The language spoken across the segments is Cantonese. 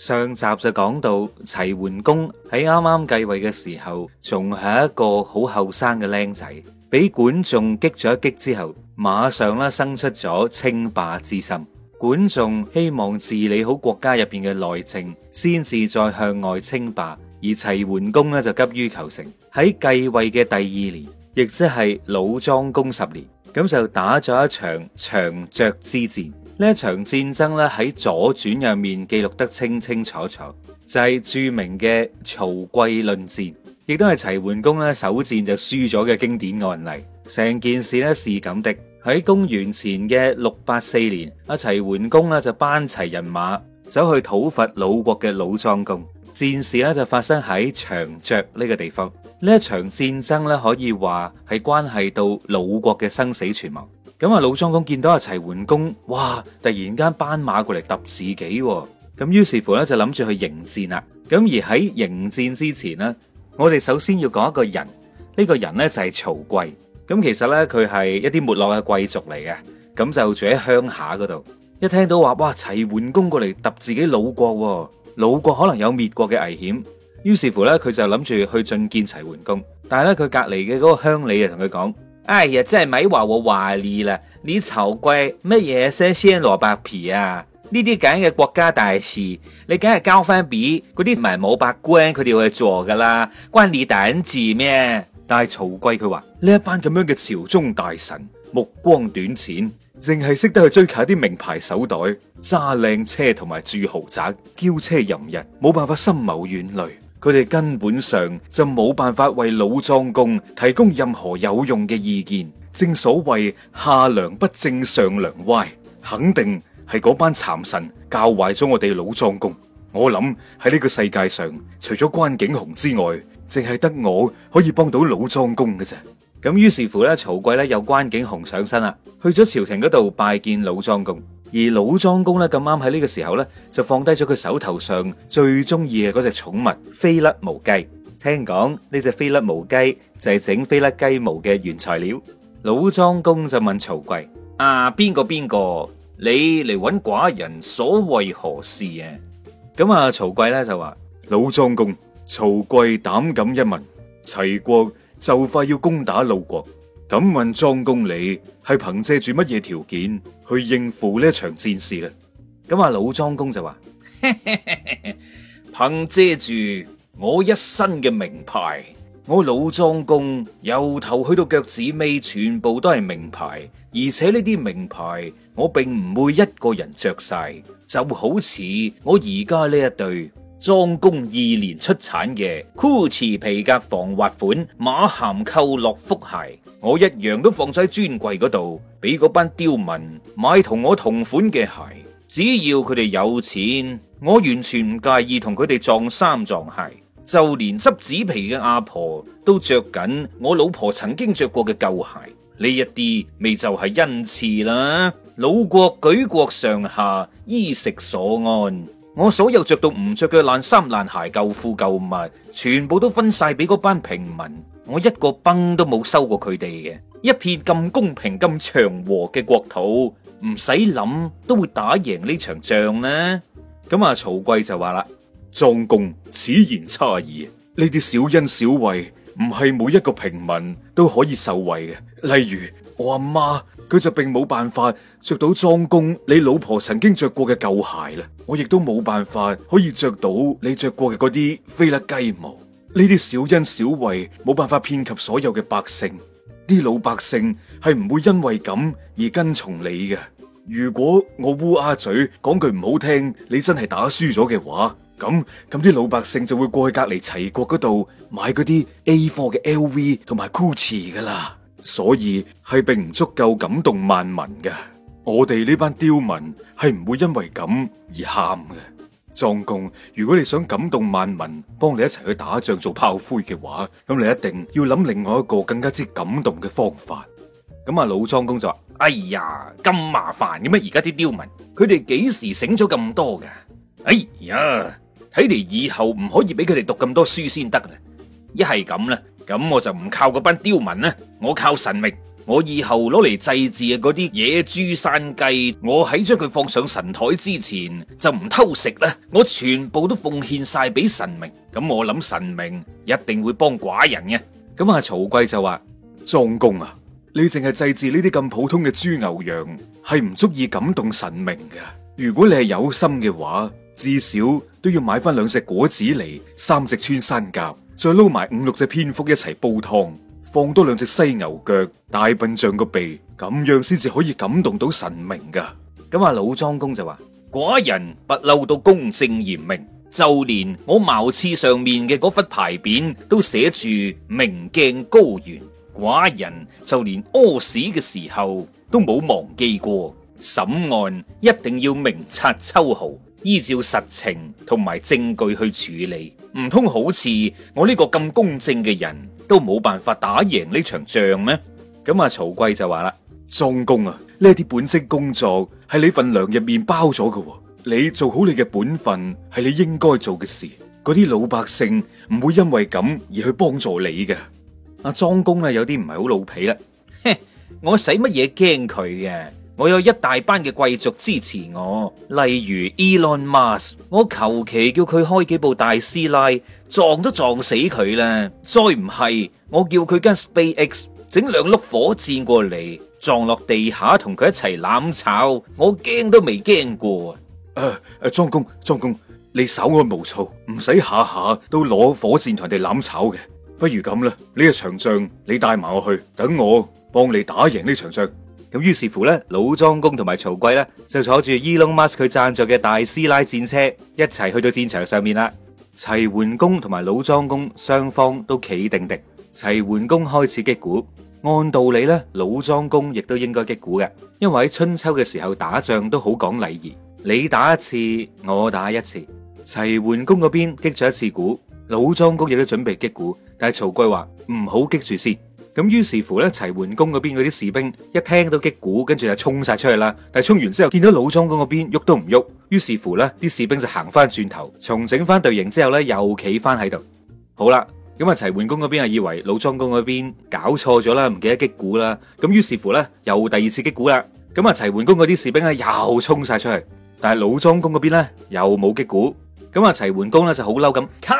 上集就講到齊桓公喺啱啱繼位嘅時候，仲係一個好後生嘅僆仔，俾管仲激咗一激之後，馬上啦生出咗稱霸之心。管仲希望治理好國家入邊嘅內政，先至再向外稱霸。而齊桓公呢，就急於求成，喺繼位嘅第二年，亦即係魯莊公十年，咁就打咗一場長勺之戰。呢一場戰爭咧，喺左傳入面記錄得清清楚楚，就係著名嘅曹劌論戰，亦都係齊桓公咧，首戰就輸咗嘅經典案例。成件事咧，是咁的，喺公元前嘅六八四年，阿齊桓公啊，就班齊人馬走去討伐魯國嘅魯莊公，戰事呢，就發生喺長勺呢個地方。呢一場戰爭咧，可以話係關係到魯國嘅生死存亡。咁啊，魯莊公見到阿齊桓公，哇！突然間斑馬過嚟揼自己，咁於是乎咧就諗住去迎戰啦。咁而喺迎戰之前呢，我哋首先要講一個人，呢、這個人呢就係曹劌。咁其實呢，佢係一啲沒落嘅貴族嚟嘅，咁就住喺鄉下嗰度。一聽到話哇，齊桓公過嚟揼自己魯國，魯國可能有滅國嘅危險。於是乎呢，佢就諗住去進見齊桓公，但係咧佢隔籬嘅嗰個鄉里就同佢講。哎呀，真係咪話我話你啦？你曹劌乜嘢先先蘿蔔皮啊？呢啲咁嘅國家大事，你梗係交翻俾嗰啲唔係文武百官佢哋去做噶啦，關你頂事咩？但係曹劌佢話呢一班咁樣嘅朝中大臣目光短淺，淨係識得去追求啲名牌手袋、揸靚車同埋住豪宅，嬌奢淫逸，冇辦法深謀遠慮。佢哋根本上就冇辦法為老莊公提供任何有用嘅意見，正所謂下梁不正上梁歪，肯定係嗰班殘神教壞咗我哋老莊公。我諗喺呢個世界上，除咗關景洪之外，淨係得我可以幫到老莊公嘅啫。咁於是乎咧，曹劌咧有關景洪上身啦，去咗朝廷嗰度拜見老莊公。而魯莊公咧咁啱喺呢個時候咧，就放低咗佢手頭上最中意嘅嗰隻寵物飛甩毛雞。聽講呢隻飛甩毛雞就係整飛甩雞毛嘅原材料。魯莊公就問曹劌：啊，邊個邊個，你嚟搵寡人所為何事啊？咁啊，曹劌咧就話：魯莊公，曹劌膽敢,敢一問，齊國就快要攻打魯國。咁問莊公你，你係憑借住乜嘢條件去應付呢一場戰事呢？咁阿老莊公就話：憑 借住我一身嘅名牌，我老莊公由頭去到腳趾尾，全部都係名牌。而且呢啲名牌我並唔會一個人着晒，就好似我而家呢一對。莊公二年出產嘅 Gucci 皮革防滑款馬銜扣樂福鞋，我一樣都放咗喺專櫃嗰度，俾嗰班刁民買同我同款嘅鞋。只要佢哋有錢，我完全唔介意同佢哋撞衫撞鞋。就連執紙皮嘅阿婆都着緊我老婆曾經着過嘅舊鞋。呢一啲咪就係恩賜啦，魯國舉國上下衣食所安。我所有着到唔着嘅爛衫爛鞋舊褲舊物，全部都分晒俾嗰班平民，我一個崩都冇收過佢哋嘅。一片咁公平咁祥和嘅國土，唔使諗都會打贏呢場仗呢？咁、嗯、啊，曹劌就話啦：莊公此言差矣，呢啲小恩小惠唔係每一個平民都可以受惠嘅。例如我阿媽。佢就並冇辦法着到莊公你老婆曾經着過嘅舊鞋啦，我亦都冇辦法可以着到你着過嘅嗰啲菲粒雞毛。呢啲小恩小惠冇辦法遍及所有嘅百姓，啲老百姓係唔會因為咁而跟從你嘅。如果我烏鴉嘴講句唔好聽，你真係打輸咗嘅話，咁咁啲老百姓就會過去隔籬齊國嗰度買嗰啲 A 貨嘅 LV 同埋 Gucci 噶啦。所以係並唔足夠感動萬民嘅，我哋呢班刁民係唔會因為咁而喊嘅。莊公，如果你想感動萬民，幫你一齊去打仗做炮灰嘅話，咁你一定要諗另外一個更加之感動嘅方法。咁啊，老莊公就話，哎，哎呀，咁麻煩，點解而家啲刁民，佢哋幾時醒咗咁多嘅？哎呀，睇嚟以後唔可以俾佢哋讀咁多書先得啦。一係咁啦，咁我就唔靠嗰班刁民啦。我靠神明，我以後攞嚟祭祀嘅嗰啲野豬山雞，我喺將佢放上神台之前就唔偷食啦，我全部都奉獻晒俾神明。咁、嗯、我諗神明一定會幫寡人嘅。咁啊，曹劌就話：莊公啊，你淨係祭祀呢啲咁普通嘅豬牛羊，係唔足以感動神明嘅。如果你係有心嘅話，至少都要買翻兩隻果子梨，三隻穿山甲，再撈埋五六隻蝙蝠一齊煲湯。放多兩隻犀牛腳、大笨象個鼻，咁樣先至可以感動到神明噶。咁啊，魯莊公就話：寡人不嬲到公正嚴明，就連我茅廁上面嘅嗰塊牌匾都寫住明鏡高懸」。寡人就連屙屎嘅時候都冇忘記過，審案一定要明察秋毫。依照實情同埋證據去處理，唔通好似我呢個咁公正嘅人都冇辦法打贏呢場仗咩？咁啊，曹劌就話啦：莊公啊，呢啲本職工作係你份糧入面包咗嘅、哦，你做好你嘅本分，係你應該做嘅事。嗰啲老百姓唔會因為咁而去幫助你嘅。阿莊、啊、公咧、啊、有啲唔係好老皮啦， 我使乜嘢驚佢嘅？我有一大班嘅貴族支持我，例如 Elon Musk，我求其叫佢開幾部大師奶撞都撞死佢啦，再唔係我叫佢間 SpaceX 整兩粒火箭過嚟撞落地下同佢一齊攬炒，我驚都未驚過啊！誒、啊、誒，莊公莊公，你手我毛躁，唔使下下都攞火箭同人哋攬炒嘅，不如咁啦，呢、這、一、個、場仗你帶埋我去，等我幫你打贏呢場仗。咁於是乎咧，魯莊公同埋曹劌咧就坐住伊隆馬斯克，佢贊助嘅大師奶戰車一齊去到戰場上面啦。齊桓公同埋魯莊公雙方都企定定，齊桓公開始擊鼓。按道理咧，魯莊公亦都應該擊鼓嘅，因為喺春秋嘅時候打仗都好講禮儀，你打一次，我打一次。齊桓公嗰邊擊咗一次鼓，魯莊公亦都準備擊鼓，但係曹劌話唔好擊住先。咁於是乎咧，齊桓公嗰邊嗰啲士兵一聽到擊鼓，跟住就衝曬出去啦。但係衝完之後，見到魯莊公嗰邊喐都唔喐，於是乎咧，啲士兵就行翻轉頭，重整翻隊形之後咧，又企翻喺度。好啦，咁啊，齊桓公嗰邊啊，以為魯莊公嗰邊搞錯咗啦，唔記得擊鼓啦。咁於是乎咧，又第二次擊鼓啦。咁啊，齊桓公嗰啲士兵咧又衝曬出去，但係魯莊公嗰邊咧又冇擊鼓。咁啊，齊桓公咧就好嬲咁，咔，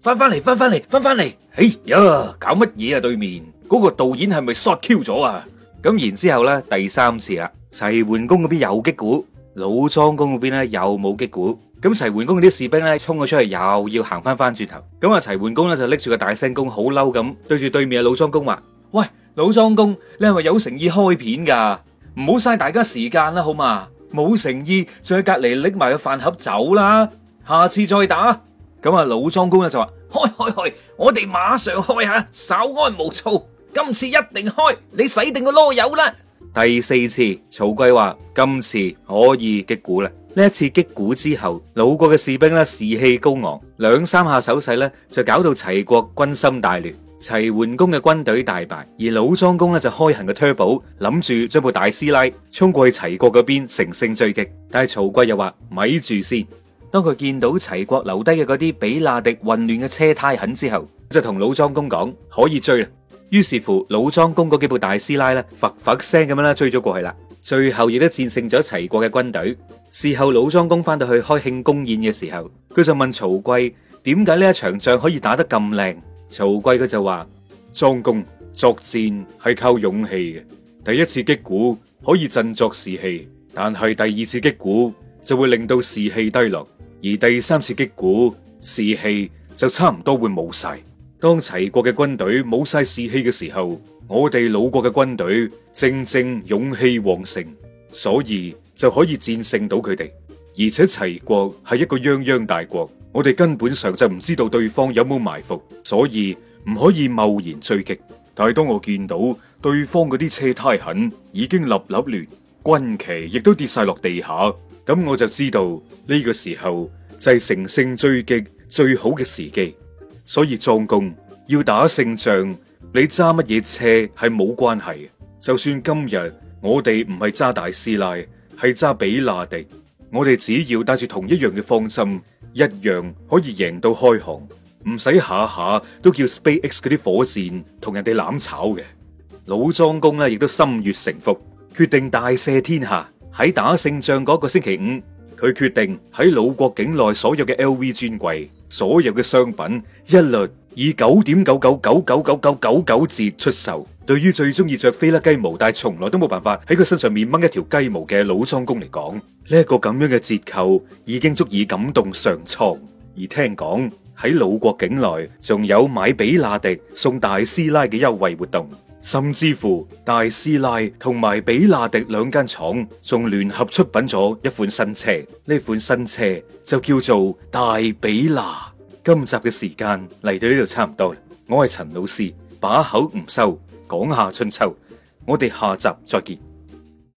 翻翻嚟，翻翻嚟，翻翻嚟，哎呀，搞乜嘢啊，對面！嗰個導演係咪 short q 咗啊？咁然之後咧第三次啦，齊桓公嗰邊有擊鼓，魯莊公嗰邊咧又冇擊鼓。咁齊桓公嗰啲士兵咧衝咗出去，又要行翻翻轉頭。咁啊齊桓公咧就拎住個大聲公，好嬲咁對住對面嘅魯莊公話：喂，魯莊公，你係咪有誠意開片噶？唔好嘥大家時間啦，好嘛？冇誠意就喺隔籬拎埋個飯盒走啦。下次再打。咁啊魯莊公咧就話：開開開，我哋馬上開下，稍安勿躁。今次一定開，你洗定個囉柚啦！第四次，曹劌話今次可以擊鼓啦！呢一次擊鼓之後，魯國嘅士兵咧士氣高昂，兩三下手勢咧就搞到齊國軍心大亂，齊桓公嘅軍隊大敗，而魯莊公咧就開行個 turbo，諗住將部大師奶衝過去齊國嗰邊乘勝追擊。但係曹劌又話：咪住先。當佢見到齊國留低嘅嗰啲比亞迪混亂嘅車胎痕之後，就同魯莊公講：可以追啦！於是乎，老莊公嗰幾部大師奶咧，發發聲咁樣咧追咗過去啦。最後亦都戰勝咗齊國嘅軍隊。事後老莊公返到去開慶功宴嘅時候，佢就問曹劌：點解呢一場仗可以打得咁靚？曹劌佢就話：莊公作戰係靠勇氣嘅。第一次擊鼓可以振作士氣，但係第二次擊鼓就會令到士氣低落，而第三次擊鼓士氣就差唔多會冇晒。當齊國嘅軍隊冇晒士氣嘅時候，我哋魯國嘅軍隊正正勇氣旺盛，所以就可以戰勝到佢哋。而且齊國係一個泱泱大國，我哋根本上就唔知道對方有冇埋伏，所以唔可以貿然追擊。但係當我見到對方嗰啲車胎痕，已經立立亂，軍旗亦都跌晒落地下，咁我就知道呢個時候就係乘勝追擊最好嘅時機。所以莊公要打勝仗，你揸乜嘢車係冇關係，就算今日我哋唔係揸大師奶，係揸比亞迪，我哋只要帶住同一樣嘅方針，一樣可以贏到開行，唔使下下都叫 Space X 嗰啲火箭同人哋攬炒嘅。老莊公呢，亦都心悅誠服，決定大赦天下，喺打勝仗嗰個星期五。佢決定喺魯國境內所有嘅 LV 專櫃，所有嘅商品一律以九點九九九九九九九九折出售。對於最中意着飛甩雞毛，但係從來都冇辦法喺佢身上面掹一條雞毛嘅魯莊公嚟講，呢、這、一個咁樣嘅折扣已經足以感動上蒼。而聽講喺魯國境內仲有買比亞迪送大師奶嘅優惠活動。甚至乎大師奶同埋比亞迪兩間廠仲聯合出品咗一款新車，呢款新車就叫做大比那。今集嘅時間嚟到呢度差唔多啦。我係陳老師，把口唔收，講下春秋，我哋下集再見。